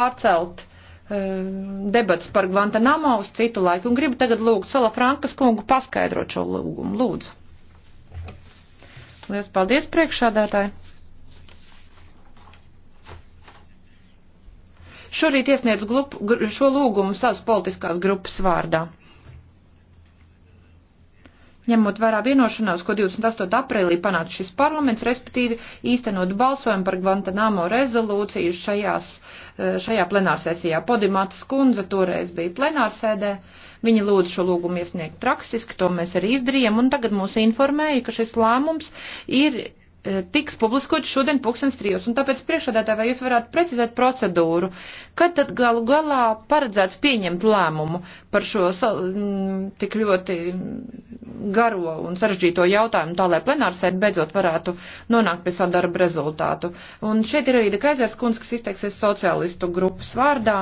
pārcelt eh, debats par Guantanamo uz citu laiku, un gribu tagad lūgt Sala Frankas kungu paskaidrot šo lūgumu. Lūdzu. Lielas paldies priekšādātāji. Šorīt iesniedz glup, šo lūgumu savas politiskās grupas vārdā ņemot vērā vienošanās, ko 28. aprīlī panāca šis parlaments, respektīvi īstenot balsojumu par Guantanamo rezolūciju šajās, eh, šajā plenārsēsijā. Podimātas kundze toreiz bija plenārsēdē, viņa lūdza šo lūgumu iesniegt praksiski, to mēs arī izdarījām, un tagad mūs informēja, ka šis lēmums ir eh, tiks publiskots šodien pulkstens trijos, un tāpēc priekšādātā vai jūs varētu precizēt procedūru, kad tad galu galā paredzēts pieņemt lēmumu par šo mm, tik ļoti garo un sarežģīto jautājumu, tā lai plenārsēdi beidzot varētu nonākt pie sadarba rezultātu. Un šeit ir arī Dekaizers kundze, kas izteiksies sociālistu grupas vārdā.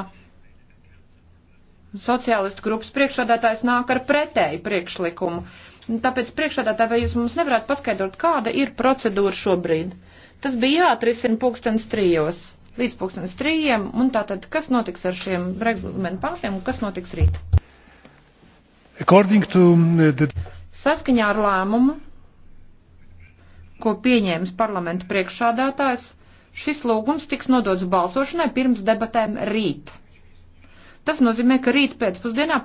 Sociālistu grupas priekšsādātājs nāk ar pretēju priekšlikumu. Tāpēc priekšsādātāji, vai jūs mums nevarētu paskaidrot, kāda ir procedūra šobrīd? Tas bija jāatrisina pulkstens trijos līdz pulkstens trījiem, un tātad, kas notiks ar šiem reglamentu pārtiem un kas notiks rīt? According to uh, the... Saskaņā ar lēmumu, ko pieņēmis parlamenta priekšādātājs, šis lūgums tiks nodots balsošanai pirms debatēm rīt. Tas nozīmē, ka rīt pēcpusdienā